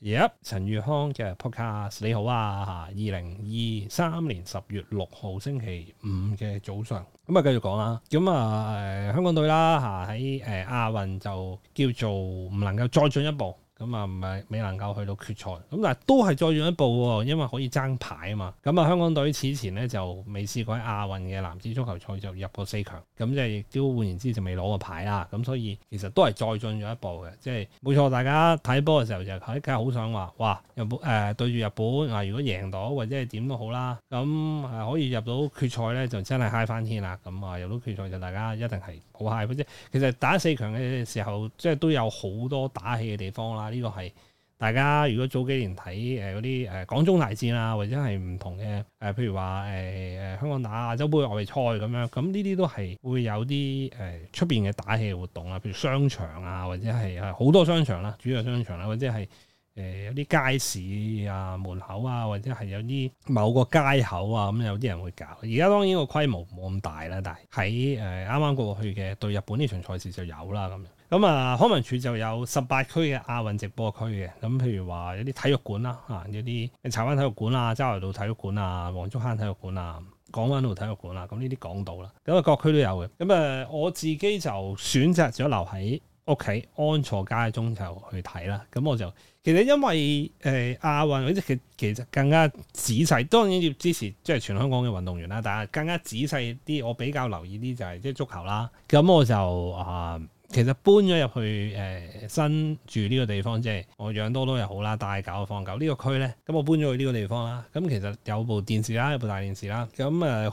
而家、yep, 陳宇康嘅 podcast，你好啊嚇，二零二三年十月六號星期五嘅早上，咁啊繼續講啦，咁啊誒、呃、香港隊啦嚇，喺誒亞運就叫做唔能夠再進一步。咁啊，唔係未能夠去到決賽，咁、嗯、但係都係再進一步，因為可以爭牌啊嘛。咁、嗯、啊，香港隊此前咧就未試過喺亞運嘅男子足球賽就入過四強，咁、嗯、即係亦都換言之就未攞過牌啦、啊。咁、嗯、所以其實都係再進咗一步嘅。即係冇錯，大家睇波嘅時候就係其實好想話：「哇，日本誒、呃，對住日本啊，如果贏到或者係點都好啦，咁、嗯、誒、呃、可以入到決賽咧就真係嗨翻天啦。咁、嗯、啊，入到決賽就大家一定係好嗨，即 g 其實打四強嘅時候即係都有好多打氣嘅地方啦。呢個係大家如果早幾年睇誒嗰啲誒港中大戰啊，或者係唔同嘅誒，譬如話誒誒香港打亞洲盃外圍賽咁樣，咁呢啲都係會有啲誒出邊嘅打氣活動啊，譬如商場啊，或者係好、呃、多商場啦，主要商場啦，或者係誒有啲街市啊門口啊，或者係有啲某個街口啊，咁有啲人會搞。而家當然個規模冇咁大啦，但係喺誒啱啱過去嘅對日本呢場賽事就有啦，咁樣。咁啊、嗯，康文署就有十八區嘅亞運直播區嘅，咁、嗯、譬如話有啲體育館啦，嚇、啊，有啲柴灣體育館啊、周頭道體育館啊、黃竹坑體育館啊、港灣道體育館啦，咁呢啲港島啦，咁、嗯、啊各區都有嘅。咁、嗯、啊，我自己就選擇咗留喺屋企安坐家中就去睇啦。咁、嗯、我就其實因為誒、呃、亞運，好似其其實更加仔細，當然要支持即係、就是、全香港嘅運動員啦，但係更加仔細啲，我比較留意啲就係即係足球啦。咁、嗯嗯、我就啊～、呃其實搬咗入去誒、呃、新住呢個地方，即係我養多多又好啦，帶狗放狗呢、這個區呢。咁、嗯、我搬咗去呢個地方啦。咁其實有部電視啦，有部大電視啦，咁誒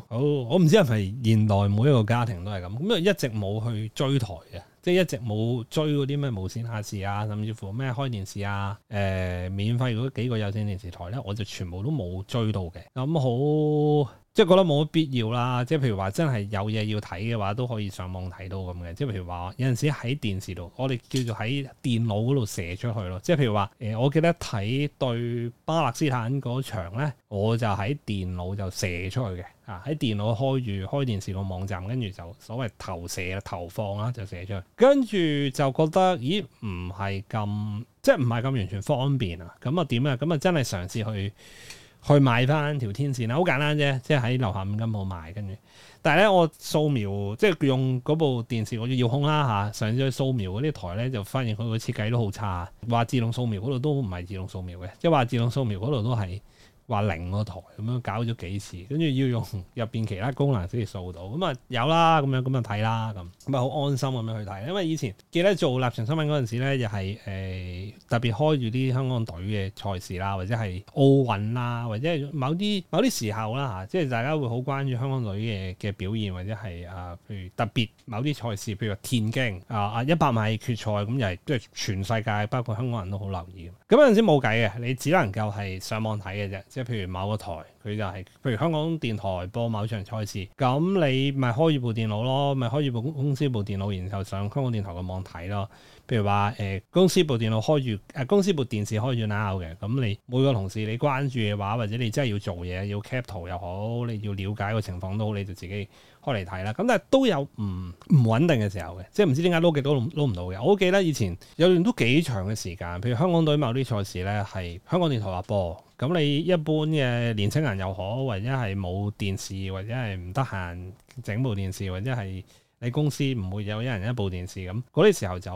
好好，我唔知係咪係現代每一個家庭都係咁，咁啊一直冇去追台嘅，即係一直冇追嗰啲咩無線亞視啊，甚至乎咩開電視啊，誒、呃、免費嗰幾個有線電視台呢，我就全部都冇追到嘅。咁好。即係覺得冇乜必要啦，即係譬如話真係有嘢要睇嘅話，都可以上網睇到咁嘅。即係譬如話有陣時喺電視度，我哋叫做喺電腦嗰度射出去咯。即係譬如話，誒、欸，我記得睇對巴勒斯坦嗰場咧，我就喺電腦就射出去嘅。啊，喺電腦開住開電視個網站，跟住就所謂投射啦、投放啦，就射出去。跟住就覺得，咦，唔係咁，即係唔係咁完全方便啊？咁啊點啊？咁啊真係嘗試去。去買翻條天線啦，好簡單啫，即係喺樓下五金鋪買。跟住，但係咧我掃描，即係用嗰部電視我要遙控啦嚇。上次去掃描嗰啲台咧，就發現佢個設計都好差。話自動掃描嗰度都唔係自動掃描嘅，即係話自動掃描嗰度都係。話零個台咁樣搞咗幾次，跟住要用入邊其他功能先至掃到咁啊，有啦咁樣，咁啊睇啦，咁，咪好安心咁樣去睇。因為以前記得做立場新聞嗰陣時咧，又係誒特別開住啲香港隊嘅賽事啦，或者係奧運啦，或者係某啲某啲時候啦吓，即係大家會好關注香港隊嘅嘅表現，或者係啊、呃、譬如特別某啲賽事，譬如話田徑啊啊，一百米決賽咁，又係即係全世界包括香港人都好留意。咁嗰陣時冇計嘅，你只能夠係上網睇嘅啫。即係譬如某個台，佢就係譬如香港電台播某場賽事，咁你咪開住部電腦咯，咪開住部公司部電腦，然後上香港電台嘅網睇咯。譬如話誒、呃，公司部電腦開住，誒、啊、公司部電視開住 Now 嘅，咁你每個同事你關注嘅話，或者你真係要做嘢，要 cap 圖又好，你要了解個情況都好，你就自己開嚟睇啦，咁但係都有唔唔穩定嘅時候嘅，即係唔知點解撈極都撈唔到嘅。我記得以前有段都幾長嘅時間，譬如香港隊某啲賽事咧，係香港電台播。咁你一般嘅年青人又可，或者係冇電視，或者係唔得閒整部電視，或者係你公司唔會有一人一部電視。咁嗰啲時候就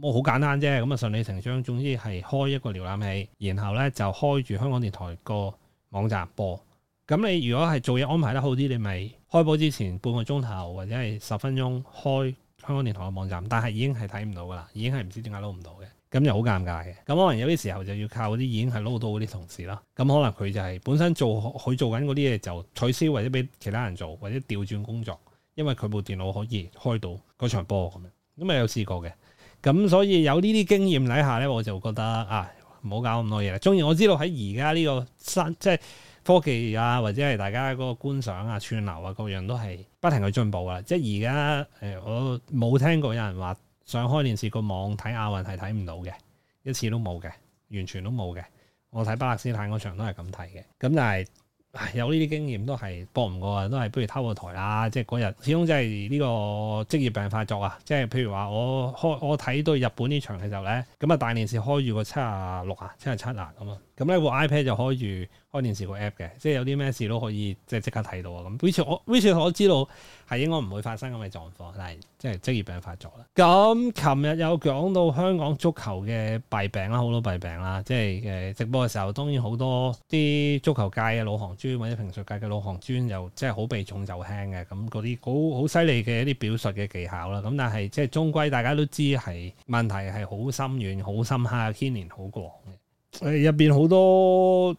冇好簡單啫。咁啊順理成章，總之係開一個瀏覽器，然後咧就開住香港電台個網站播。咁你如果係做嘢安排得好啲，你咪開播之前半個鐘頭或者係十分鐘開香港電台嘅網站，但係已經係睇唔到噶啦，已經係唔知點解撈唔到嘅，咁就好尷尬嘅。咁可能有啲時候就要靠嗰啲已經係撈到嗰啲同事啦。咁可能佢就係本身做佢做緊嗰啲嘢就取消，或者俾其他人做，或者調轉工作，因為佢部電腦可以開到嗰場波咁樣。咁咪有試過嘅。咁所以有呢啲經驗底下咧，我就覺得啊，唔好搞咁多嘢啦。當然我知道喺而家呢個即係。科技啊，或者係大家嗰個觀賞啊、串流啊，各樣都係不停去進步啊。即係而家誒，我冇聽過有人話想開電視個網睇亞運係睇唔到嘅，一次都冇嘅，完全都冇嘅。我睇巴勒斯坦嗰場都係咁睇嘅。咁但係有呢啲經驗都係搏唔過，都係不如偷個台啊。即係嗰日始終即係呢個職業病發作啊！即係譬如話我開我睇到日本呢場時候呢場係就咧，咁啊大電視開住個七十六啊、七十七啊咁啊。咁呢部 iPad 就可以開電視個 app 嘅，即係有啲咩事都可以即，即係即刻睇到啊！咁 WeChat，我 WeChat 我知道係應該唔會發生咁嘅狀況，但係即係職業病發作啦。咁琴日有講到香港足球嘅弊病啦，好多弊病啦。即係誒直播嘅時候，當然好多啲足球界嘅老行尊或者評述界嘅老行尊又即係好避重就輕嘅，咁嗰啲好好犀利嘅一啲表述嘅技巧啦。咁但係即係終歸大家都知係問題係好深遠、好深刻、牽連好廣嘅。入邊好多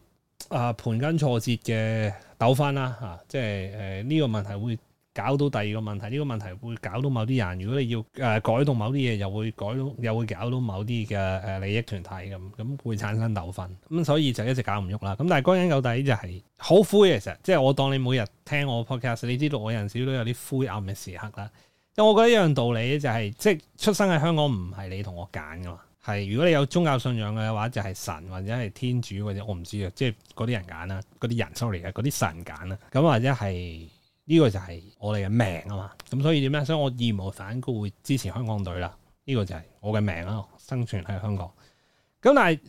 啊，盤根錯節嘅糾紛啦，吓、啊，即係誒呢個問題會搞到第二個問題，呢、這個問題會搞到某啲人，如果你要誒、啊、改動某啲嘢，又會改到，又會搞到某啲嘅誒利益團體咁，咁、啊、會產生糾紛，咁所以就一直搞唔喐啦。咁但係歸根到底就係、是、好灰嘅時候，即係我當你每日聽我 podcast，你知道我有陣時都有啲灰暗嘅時刻啦。因為我覺得一樣道理就係、是，即係出生喺香港唔係你同我揀噶嘛。係如果你有宗教信仰嘅話，就係、是、神或者係天主 sorry, 或者我唔知啊，即係嗰啲人揀啦，嗰啲人 sorry 啊，嗰啲神揀啦，咁或者係呢個就係我哋嘅命啊嘛，咁所以點咧？所以我義無反顧會支持香港隊啦，呢、這個就係我嘅命咯，生存喺香港。咁但係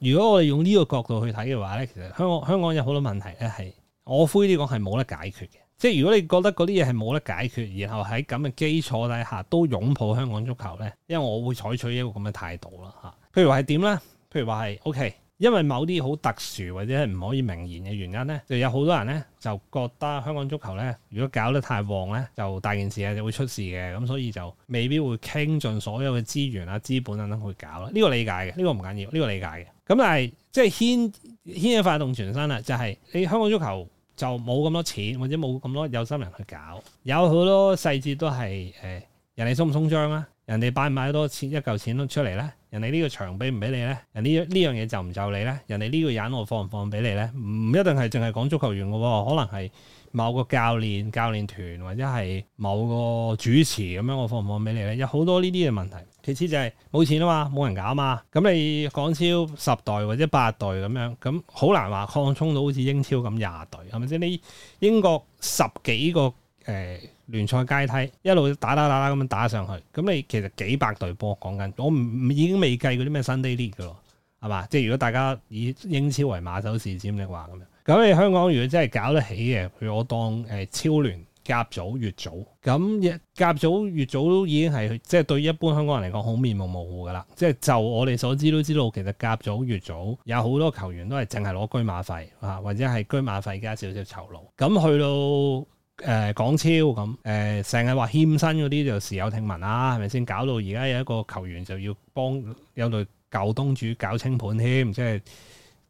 如果我哋用呢個角度去睇嘅話咧，其實香港香港有好多問題咧，係我灰啲講係冇得解決嘅。即係如果你覺得嗰啲嘢係冇得解決，然後喺咁嘅基礎底下都擁抱香港足球咧，因為我會採取一個咁嘅態度啦嚇。譬如話係點咧？譬如話係 OK，因為某啲好特殊或者係唔可以明言嘅原因咧，就有好多人咧就覺得香港足球咧，如果搞得太旺咧，就大件事啊就會出事嘅，咁所以就未必會傾盡所有嘅資源啦、資本等等去搞啦。呢個理解嘅，呢個唔緊要，呢個理解嘅。咁但係即係牽牽一發動全身啦，就係你香港足球。就冇咁多錢，或者冇咁多有心人去搞，有好多細節都係誒，呃、人哋鬆唔鬆張啦、啊，人哋擺唔擺多錢一嚿錢都出嚟咧，人哋呢個場俾唔俾你咧，人呢呢樣嘢就唔就你咧，人哋呢個人我放唔放俾你咧，唔一定係淨係講足球員嘅喎，可能係某個教練、教練團或者係某個主持咁樣我放唔放俾你咧，有好多呢啲嘅問題。其次就係冇錢啊嘛，冇人搞啊嘛，咁你港超十隊或者八隊咁樣，咁好難話擴充到好似英超咁廿隊，係咪先？你英國十幾個誒、呃、聯賽階梯一路打打打打咁樣打，打，打，打上去，咁你其實幾百隊波講緊，我唔已經未計嗰啲咩 Sunday League 㗎咯，係嘛？即係如果大家以英超為馬首是瞻嘅話咁樣，咁你香港如果真係搞得起嘅，譬如我當誒超聯。甲組乙組咁，甲組乙組都已經係即係對一般香港人嚟講好面目模糊噶啦。即係就我哋所知都知道，其實甲組乙組有好多球員都係淨係攞車馬費啊，或者係車馬費加少少酬勞。咁去到誒、呃、港超咁，誒成日話欠薪嗰啲就時有聽聞啦，係咪先？搞到而家有一個球員就要幫有隊舊東主搞清盤添，即係。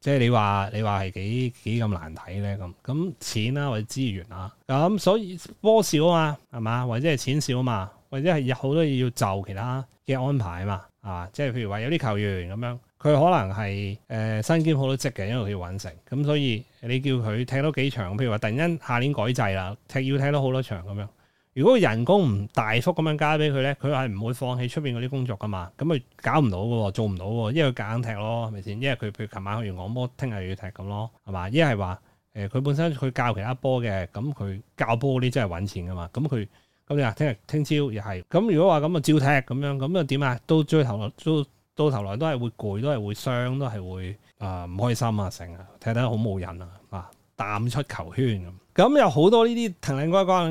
即係你話你話係幾幾咁難睇咧咁咁錢啦、啊、或者資源啊咁所以波少啊嘛係嘛或者係錢少啊嘛或者係有好多嘢要就其他嘅安排啊嘛啊即係譬如話有啲球員咁樣佢可能係誒、呃、身兼好多職嘅，因為佢要搵成咁，所以你叫佢踢多幾場，譬如話突然間下年改制啦，踢要踢多好多場咁樣。如果人工唔大幅咁樣加俾佢咧，佢係唔會放棄出邊嗰啲工作噶嘛？咁咪搞唔到嘅，做唔到喎，因為佢夾硬踢咯，係咪先？因為佢譬如琴晚去完按摩，聽日又要踢咁咯，係嘛？一係話誒，佢、呃、本身去教其他波嘅，咁佢教波啲真係揾錢噶嘛？咁佢咁你話聽日聽朝又係咁？如果話咁啊，照踢咁樣咁又點啊？到最後頭來都到，到頭來都係會攰，都係會傷，都係會啊唔、呃、開心啊成啊，踢得好冇癮啊啊淡出球圈咁、啊。咁有好多呢啲亭亭乖乖。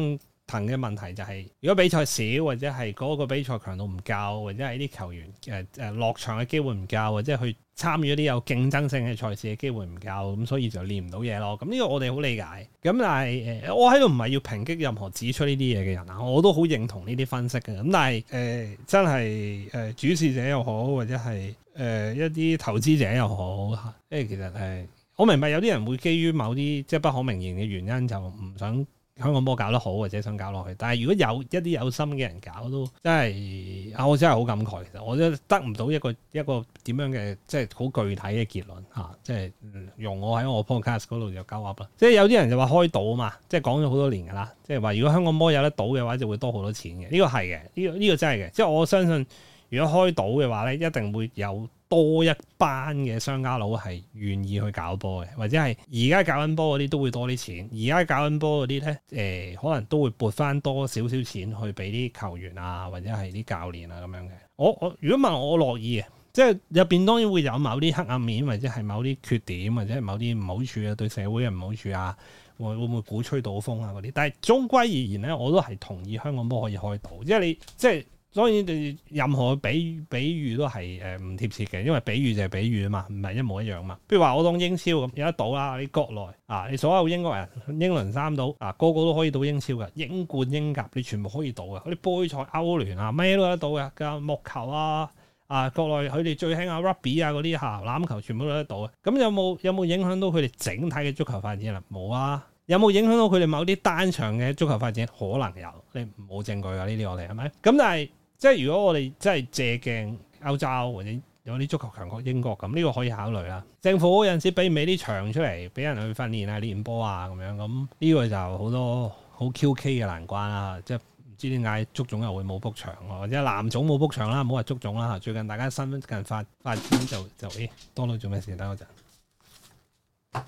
嘅問題就係、是，如果比賽少或者係嗰個比賽強度唔夠，或者係啲球員誒誒、呃呃、落場嘅機會唔夠，或者去參與一啲有競爭性嘅賽事嘅機會唔夠，咁、嗯、所以就練唔到嘢咯。咁、嗯、呢、這個我哋好理解。咁、嗯、但係誒、呃，我喺度唔係要抨擊任何指出呢啲嘢嘅人啊，我都好認同呢啲分析嘅。咁、嗯、但係誒、呃，真係誒、呃，主事者又好，或者係誒、呃、一啲投資者又好，即係其實係，我明白有啲人會基於某啲即係不可名言嘅原因，就唔想。香港摩搞得好或者想搞落去，但係如果有一啲有心嘅人搞都，真係啊，我真係好感慨。其實我都得唔到一個一個點樣嘅即係好具體嘅結論啊！即係用我喺我 podcast 度就交 u 啦。即係有啲人就話開賭啊嘛，即係講咗好多年噶啦。即係話如果香港摩有得賭嘅話，就會多好多錢嘅。呢個係嘅，呢個呢個真係嘅。即係我相信，如果開賭嘅話咧，一定會有。多一班嘅商家佬係願意去搞波嘅，或者係而家搞緊波嗰啲都會多啲錢，而家搞緊波嗰啲咧，誒、呃，可能都會撥翻多少少錢去俾啲球員啊，或者係啲教練啊咁樣嘅。我我如果問我，我樂意嘅，即係入邊當然會有某啲黑暗面，或者係某啲缺點，或者係某啲唔好處啊，對社會嘅唔好處啊，會會唔會鼓吹賭風啊嗰啲？但係終歸而言咧，我都係同意香港波可以開到，即係你即係。所以你任何比喻比喻都係誒唔貼切嘅，因為比喻就係比喻啊嘛，唔係一模一樣嘛。譬如話我當英超咁有得賭啦，你國內啊，你所有英國人英倫三島啊，個個都可以賭英超嘅，英冠、英甲你全部可以賭嘅，嗰啲杯賽、歐聯啊，咩都得賭嘅。咁、啊、桌球啊，啊國內佢哋最興啊，rugby 啊嗰啲籃籃球全部都得賭嘅。咁有冇有冇影響到佢哋整體嘅足球發展啊？冇啊。有冇影響到佢哋某啲單場嘅足球發展？可能有，你冇證據㗎呢啲我哋係咪？咁但係。即係如果我哋真係借鏡歐洲或者有啲足球強國英國咁，呢、這個可以考慮啦。政府有陣時俾唔俾啲場出嚟俾人去訓練啊，啊、練波啊咁樣，咁呢個就好多好 QK 嘅難關啦。即係唔知點解足總又會冇 book 場，或者籃總冇 book 場啦，唔好話足總啦。最近大家新近發發展就就咦、欸、多到做咩事？等我陣。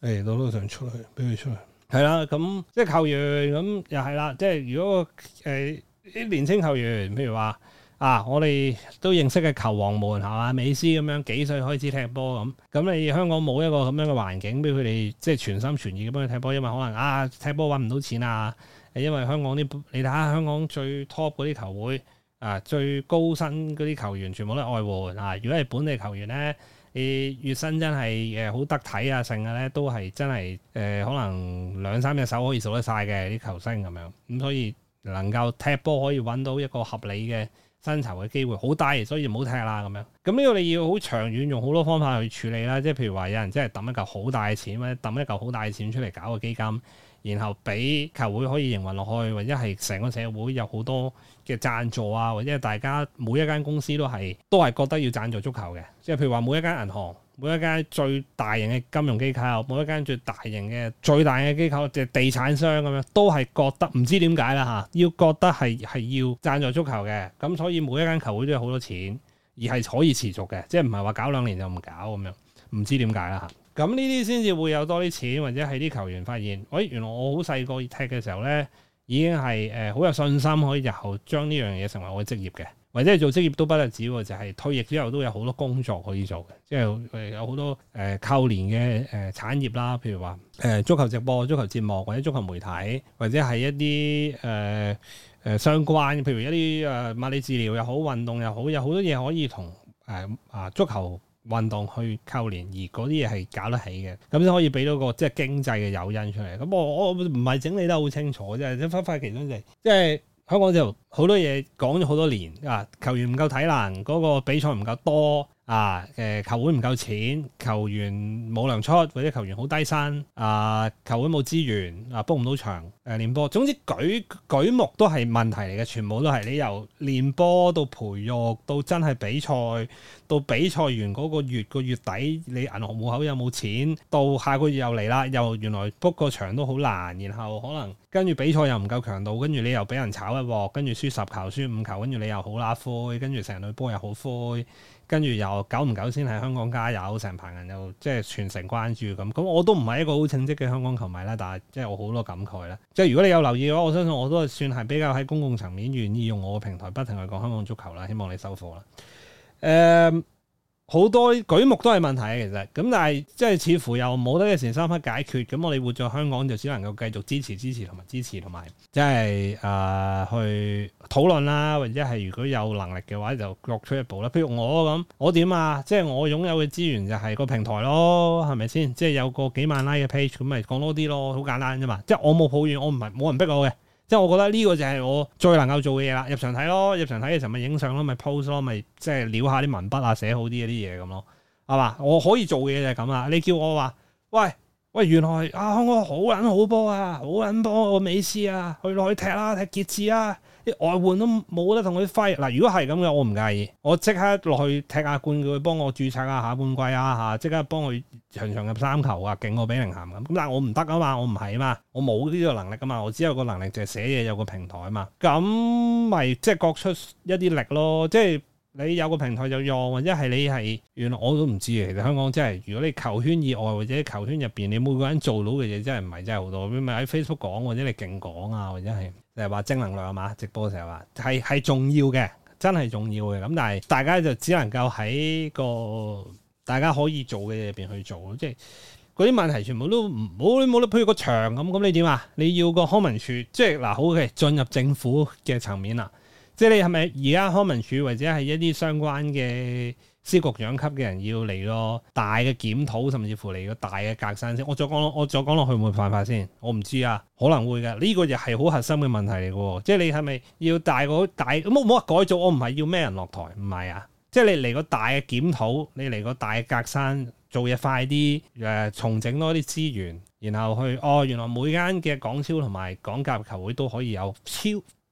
誒，到都想出去，俾佢出去。係啦，咁即係球員咁、嗯、又係啦，即係如果誒啲、呃、年青球員，譬如話啊，我哋都認識嘅球王們吓嘛，美斯咁樣幾歲開始踢波咁，咁你、嗯、香港冇一個咁樣嘅環境俾佢哋，即係全心全意咁俾佢踢波，因為可能啊踢波搵唔到錢啊，因為香港啲，你睇下香港最 top 嗰啲球會啊，最高薪嗰啲球員全部都係外援。啊，如果係本地球員咧。你月薪真係誒好得體啊，剩嘅咧都係真係誒、呃，可能兩三隻手可以數得晒嘅啲球星咁樣，咁、嗯、所以能夠踢波可以揾到一個合理嘅。薪酬嘅機會好低，所以唔好踢啦咁樣。咁呢個你要好長遠，用好多方法去處理啦。即係譬如話，有人真係揼一嚿好大嘅錢，或者揼一嚿好大嘅錢出嚟搞個基金，然後俾球會可以營運落去，或者係成個社會有好多嘅贊助啊，或者係大家每一間公司都係都係覺得要贊助足球嘅。即係譬如話，每一間銀行。每一間最大型嘅金融機構，每一間最大型嘅最大嘅機構，即係地產商咁樣，都係覺得唔知點解啦嚇，要覺得係係要贊助足球嘅，咁所以每一間球會都有好多錢，而係可以持續嘅，即係唔係話搞兩年就唔搞咁樣，唔知點解啦嚇。咁呢啲先至會有多啲錢，或者係啲球員發現，喂，原來我好細個踢嘅時候咧，已經係誒好有信心可以日後將呢樣嘢成為我嘅職業嘅。或者做職業都不得止，就係、是、退役之後都有好多工作可以做嘅，即係佢有好多誒扣連嘅誒產業啦，譬如話誒、呃、足球直播、足球節目或者足球媒體，或者係一啲誒誒相關，譬如一啲誒物理治療又好、運動又好，有好多嘢可以同誒、呃、啊足球運動去扣連，而嗰啲嘢係搞得起嘅，咁先可以俾到個即係經濟嘅誘因出嚟。咁我我唔係整理得好清楚，即係一忽忽其中地、就是，即係。即香港就好多嘢講咗好多年啊，球員唔夠體能，嗰個比賽唔夠多。啊！誒、呃、球會唔夠錢，球員冇糧出，或者球員好低薪。啊，球會冇資源，啊 book 唔到場。誒、呃、練波，總之舉舉目都係問題嚟嘅，全部都係你由練波到培育，到真係比賽，到比賽完嗰個月、個月底，你銀行戶口有冇錢？到下個月又嚟啦，又原來 book 個場都好難，然後可能跟住比賽又唔夠強度，跟住你又俾人炒一鑊，跟住輸十球，輸五球，跟住你又好甩灰，跟住成隊波又好灰。跟住又久唔久先喺香港加油，成棚人又即係全城關注咁，咁我都唔係一個好稱職嘅香港球迷啦，但係即係我好多感慨啦。即係如果你有留意嘅話，我相信我都算係比較喺公共層面願意用我嘅平台不停去講香港足球啦，希望你收貨啦。誒、嗯。好多舉目都係問題啊，其實咁但係即係似乎又冇得一時三刻解決，咁我哋活在香港就只能夠繼續支持、支持同埋支持，同埋即係誒、呃、去討論啦，或者係如果有能力嘅話就各出一步啦。譬如我咁，我點啊？即係我擁有嘅資源就係個平台咯，係咪先？即係有個幾萬 like 嘅 page，咁咪講多啲咯，好簡單啫嘛。即係我冇抱怨，我唔係冇人逼我嘅。即係我覺得呢個就係我最能夠做嘅嘢啦，入場睇咯，入場睇嘅時候咪影相咯，咪 pose 咯，咪即係撩下啲文筆啊，寫好啲嘅啲嘢咁咯，係嘛？我可以做嘅嘢就係咁啦。你叫我話，喂喂，原來啊康哥好撚好波啊，好撚波、啊、我美斯啊，去落去踢啦、啊，踢傑志啊。外援都冇得同佢揮嗱，如果係咁嘅，我唔介意，我即刻落去踢下冠佢，幫我註冊下，下半季啊嚇，即刻幫佢場場入三球啊，勁過碧咸咁。咁但係我唔得啊嘛，我唔係啊嘛，我冇呢個能力噶嘛，我只有個能力就係寫嘢有個平台啊嘛。咁咪即係各出一啲力咯。即係你有個平台就用，或者係你係原來我都唔知。其實香港真係，如果你球圈以外或者球圈入邊，你每個人做到嘅嘢真係唔係真係好多。咪喺 Facebook 講，或者你勁講啊，或者係。就係話正能量啊嘛！直播嘅時候話係係重要嘅，真係重要嘅咁。但係大家就只能夠喺個大家可以做嘅嘢入邊去做，即係嗰啲問題全部都唔好冇得，譬如個場咁，咁你點啊？你要個康文署，即係嗱好嘅，進入政府嘅層面啦。即係你係咪而家康文署或者係一啲相關嘅？司局長級嘅人要嚟咯，大嘅檢討甚至乎嚟個大嘅革新先。我再講，我再講落去會唔會犯法先，我唔知啊，可能會嘅。呢、這個又係好核心嘅問題嚟嘅，即係你係咪要大個大，冇好唔改造。我唔係要咩人落台，唔係啊。即係你嚟個大嘅檢討，你嚟個大嘅革新，做嘢快啲，誒、呃、重整多啲資源，然後去哦，原來每間嘅港超同埋港甲球會都可以有超，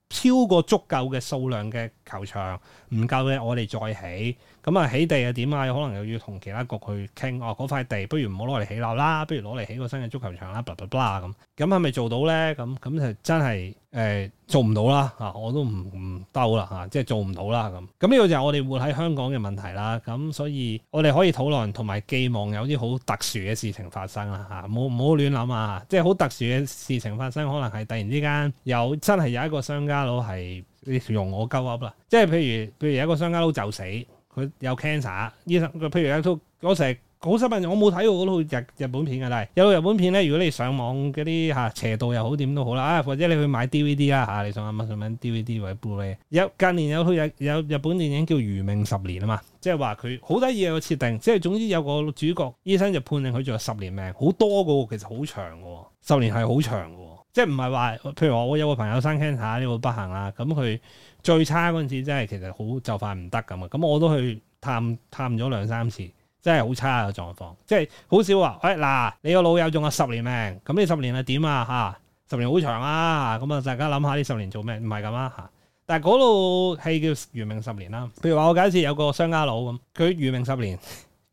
超過足夠嘅數量嘅球場，唔夠嘅我哋再起，咁啊起地又點啊？可能又要同其他局去傾哦，嗰塊地不如唔好攞嚟起樓啦，不如攞嚟起個新嘅足球場啦，巴拉巴拉咁，咁係咪做到呢？咁咁就真係誒。呃做唔到啦嚇，我都唔唔兜啦嚇，即係做唔到啦咁。咁呢個就係我哋活喺香港嘅問題啦。咁、啊嗯、所以我哋可以討論同埋寄望有啲好特殊嘅事情發生啦嚇。冇、啊、冇亂諗啊！即係好特殊嘅事情發生，可能係突然之間有真係有一個商家佬係用我鳩噏啦。即係譬如譬如有一個商家佬就死，佢有 cancer 醫生，佢譬如有套嗰好新聞！我冇睇過嗰套日日本片嘅，但係有日本片咧。如果你上網嗰啲嚇邪道又好點都好啦，啊或者你去買 DVD 啦嚇，你上網上邊 DVD 或者 Blu-ray 有近年有套日有日本電影叫《餘命十年》啊嘛，即係話佢好得意嘅設定，即、就、係、是、總之有個主角醫生就判定佢仲有十年命，好多嘅喎，其實好長嘅喎，十年係好長嘅喎，即係唔係話譬如我有個朋友生 cancer 呢個不幸啦，咁、嗯、佢、嗯、最差嗰陣時真係其實好就快唔得咁啊，咁、嗯、我都去探探咗兩三次。真係好差嘅狀況，即係好少話。誒、哎、嗱，你個老友仲有十年命，咁呢十年係點啊？嚇，十年好長啊！咁啊，大家諗下呢十年做咩？唔係咁啊嚇。但係嗰度係叫餘命十年啦。譬如話，我假設有個商家佬咁，佢餘命十年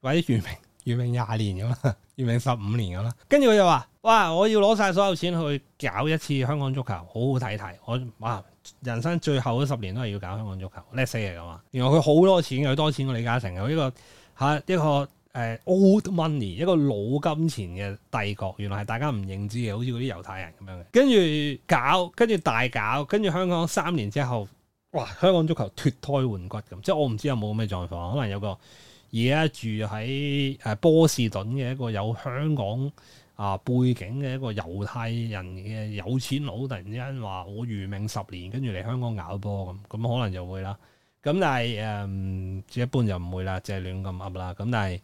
或者餘命餘命廿年咁啦，餘命十五年咁啦。跟住佢就話，哇！我要攞晒所有錢去搞一次香港足球，好好睇睇。我哇，人生最後嗰十年都係要搞香港足球。叻死嚟嘅嘛。原來佢好多錢佢多錢過李嘉誠嘅，佢呢個。嚇，一個誒 Old Money，一個老金錢嘅帝國，原來係大家唔認知嘅，好似嗰啲猶太人咁樣嘅。跟住搞，跟住大搞，跟住香港三年之後，哇！香港足球脱胎換骨咁。即係我唔知有冇咩狀況，可能有個而家住喺誒波士頓嘅一個有香港啊背景嘅一個猶太人嘅有錢佬，突然之間話我餘命十年，跟住嚟香港咬波咁，咁可能就會啦。咁但係誒、嗯，一般就唔會啦，即係亂咁噏啦。咁但係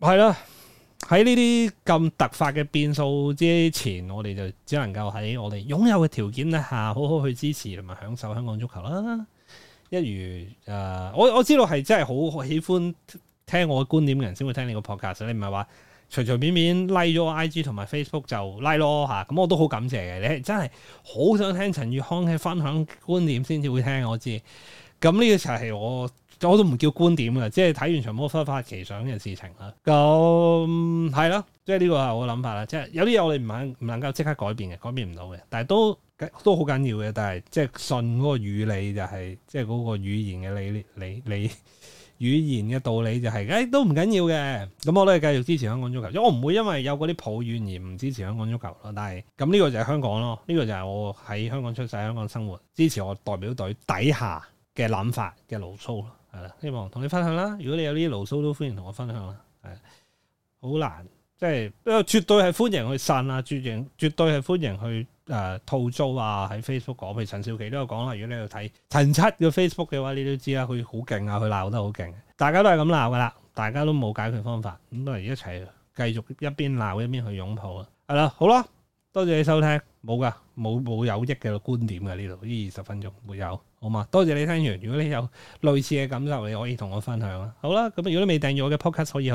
係咯，喺呢啲咁突發嘅變數之前，我哋就只能夠喺我哋擁有嘅條件底下，好好去支持同埋享受香港足球啦。一如誒、呃，我我知道係真係好喜歡聽我嘅觀點嘅人先會聽你個 podcast，你唔係話。隨隨便便拉咗 IG 同埋 Facebook 就拉 i 咯嚇，咁、啊嗯、我都好感謝嘅。你真係好想聽陳宇康嘅分享觀點先至會聽，我知。咁呢個就係我我都唔叫觀點嘅，即係睇完全部忽發奇想嘅事情啦。咁係咯，即係呢個係我嘅諗法啦。即係有啲嘢我哋唔肯唔能夠即刻改變嘅，改變唔到嘅，但係都都好緊要嘅。但係即係信嗰個語理就係即係嗰個語言嘅理理理。理理理理.語言嘅道理就係、是，誒、哎、都唔緊要嘅，咁我都係繼續支持香港足球，因為我唔會因為有嗰啲抱怨而唔支持香港足球咯。但係咁呢個就係香港咯，呢、這個就係我喺香港出世、香港生活，支持我代表隊底下嘅諗法嘅牢騷咯，係啦，希望同你分享啦。如果你有呢啲牢騷，都歡迎同我分享啦。係，好難，即係，誒，絕對係歡迎去散啊，絕認，絕對係歡迎去。誒套租啊，喺 Facebook 講，譬如陳少琪都有講啦。如果你要睇陳七嘅 Facebook 嘅話，你都知啦，佢好勁啊，佢鬧得好勁。大家都係咁鬧噶啦，大家都冇解決方法，咁都係一齊繼續一邊鬧一邊去擁抱啊。係啦，好啦，多謝你收聽。冇噶，冇冇有，有，有益嘅觀點嘅呢度呢二十分鐘冇有，好嘛？多謝你聽完。如果你有類似嘅感受，你可以同我分享啊。好啦，咁如果你未訂閱我嘅 podcast，可以。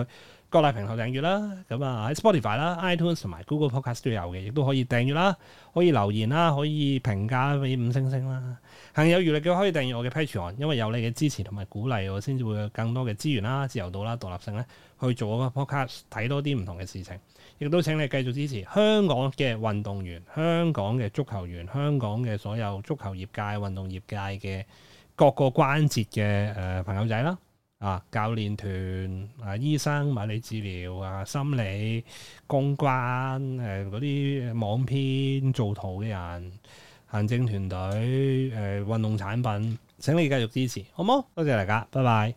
各大平台訂閱啦，咁啊喺 Spotify 啦、Spotify, iTunes 同埋 Google Podcast 都有嘅，亦都可以訂閱啦，可以留言啦，可以評價啦，俾五星星啦。行有餘力嘅可以訂閱我嘅 Patreon，因為有你嘅支持同埋鼓勵，我先至會有更多嘅資源啦、自由度啦、獨立性咧，去做個 Podcast 睇多啲唔同嘅事情。亦都請你繼續支持香港嘅運動員、香港嘅足球員、香港嘅所有足球業界、運動業界嘅各個關節嘅誒、呃、朋友仔啦。啊，教練團啊，醫生、物理治療啊、心理、公關、誒，嗰啲網編做圖嘅人、行政團隊誒、呃、運動產品，請你繼續支持，好唔好？多謝大家，拜拜。